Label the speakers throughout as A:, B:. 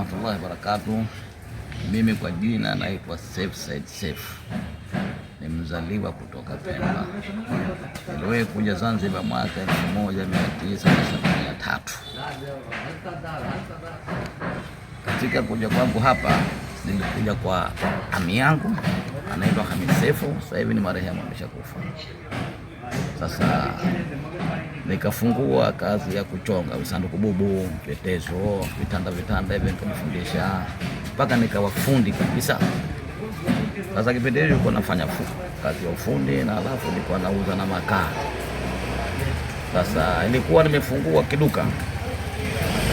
A: warahmatullahi wabarakatuh. Mimi kwa jina naitwa Saif Said Saif, ni mzaliwa kutoka Pemba. Niliwahi kuja Zanzibar mwaka 1973. Katika kuja kwangu hapa nilikuja kwa ami yangu anaitwa Hamid Sefu, sasa hivi ni marehemu, ameshakufa. Sasa nikafungua kazi ya kuchonga visanduku bubu, vyetezo, vitanda vitanda hivyo, nikamfundisha mpaka nikawa fundi kabisa. Sasa kipindi hicho nilikuwa nafanya kazi ya ufundi na alafu nilikuwa nauza na makaa. Sasa ilikuwa nimefungua kiduka.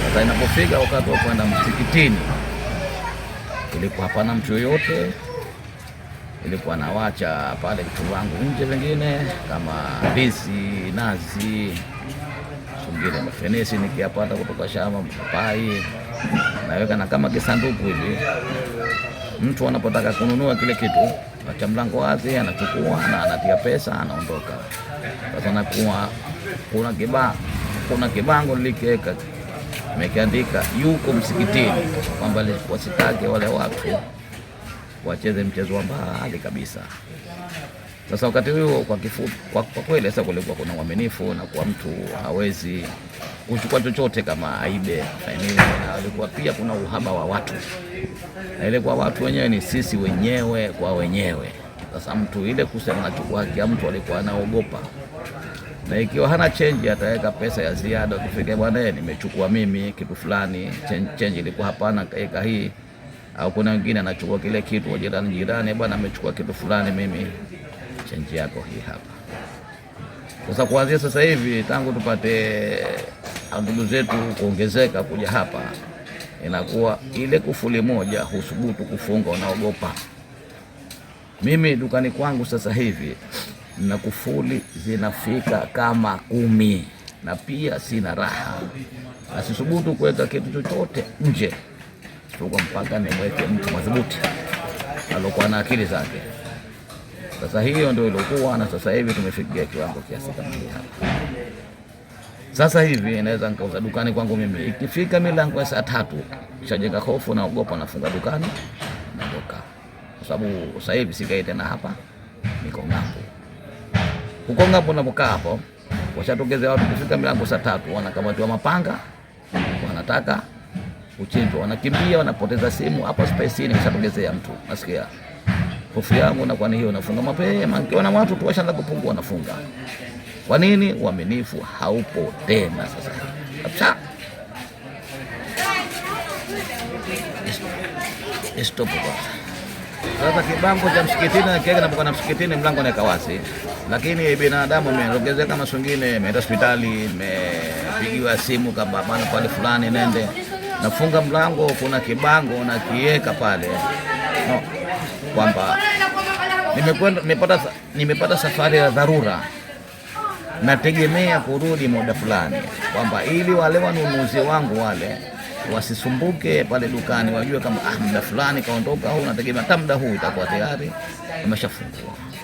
A: Sasa inapofika wakati wa kwenda msikitini, ilikuwa hapana mtu yoyote nilikuwa nawacha pale vitu wangu nje, vingine kama bisi nazi, sungine, mafenesi nikiapata kutoka shamba, mpapai naweka na kama kisanduku hivi. Mtu anapotaka kununua kile kitu acha mlango wazi, anachukua na anatia pesa, anaondoka. Sasa nakuwa kuna kiba, kuna kibango nilikiweka mekiandika yuko msikitini, kwamba wasitake wale watu wacheze mchezo wa mbali kabisa. Sasa wakati huo kwa kifupi, kwa, kwa kweli sasa kulikuwa kuna uaminifu na kwa mtu hawezi kuchukua chochote kama aibe fainili, na alikuwa pia kuna uhaba wa watu, na ile kwa watu wenyewe ni sisi wenyewe kwa wenyewe. Sasa mtu ile kusema anachukua haki ya mtu alikuwa anaogopa, na ikiwa hana chenji ataweka pesa ya ziada, kufikia bwana, eh, nimechukua mimi kitu fulani, chenji ilikuwa hapana, kaeka hii au kuna wengine anachukua kile kitu wa jirani. Jirani bwana amechukua kitu fulani, mimi chenji yako hii hapa. Sasa kuanzia sasa hivi, tangu tupate ndugu zetu kuongezeka kuja hapa, inakuwa ile kufuli moja husubutu kufunga, unaogopa. Mimi dukani kwangu sasa hivi na kufuli zinafika kama kumi, na pia sina raha, asisubutu kuweka kitu chochote nje kuchukua mpaka nimweke mtu madhubuti alokuwa na akili zake. Sasa hiyo ndio ilikuwa, na sasa hivi tumefikia kiwango kiasi kama hiyo. Sasa hivi naweza nikauza dukani kwangu mimi, ikifika milango ya saa tatu shajenga hofu, naogopa, nafunga dukani, naondoka, kwa sababu sasa hivi sikai tena hapa, niko ngapo. Huko ngapo napokaa hapo, washatokezea watu, kifika milango saa tatu wanakamatiwa mapanga, wanataka uchimbe, wanakimbia wanapoteza simu hapa spesini, kishatokezea mtu. Nasikia hofu yangu na kwa nini hiyo, nafunga mapema, nikiona watu tu washaanza kupungua nafunga. Kwa nini? Uaminifu haupo tena sasa kabisa. Stop sasa. Kibango cha msikitini nakiweka napokuwa na msikitini, mlango naweka wazi, lakini binadamu imeongezeka, maswingine ameenda hospitali, imepigiwa simu kama bana pale fulani nende nafunga mlango, kuna kibango nakiweka pale no, kwamba nimekwenda nimepata, nimepata safari ya dharura, nategemea kurudi muda fulani, kwamba ili wale wanunuzi wangu wale wasisumbuke pale dukani, wajue kama ah, muda fulani kaondoka, au nategemea hata muda huu itakuwa tayari ameshafungua.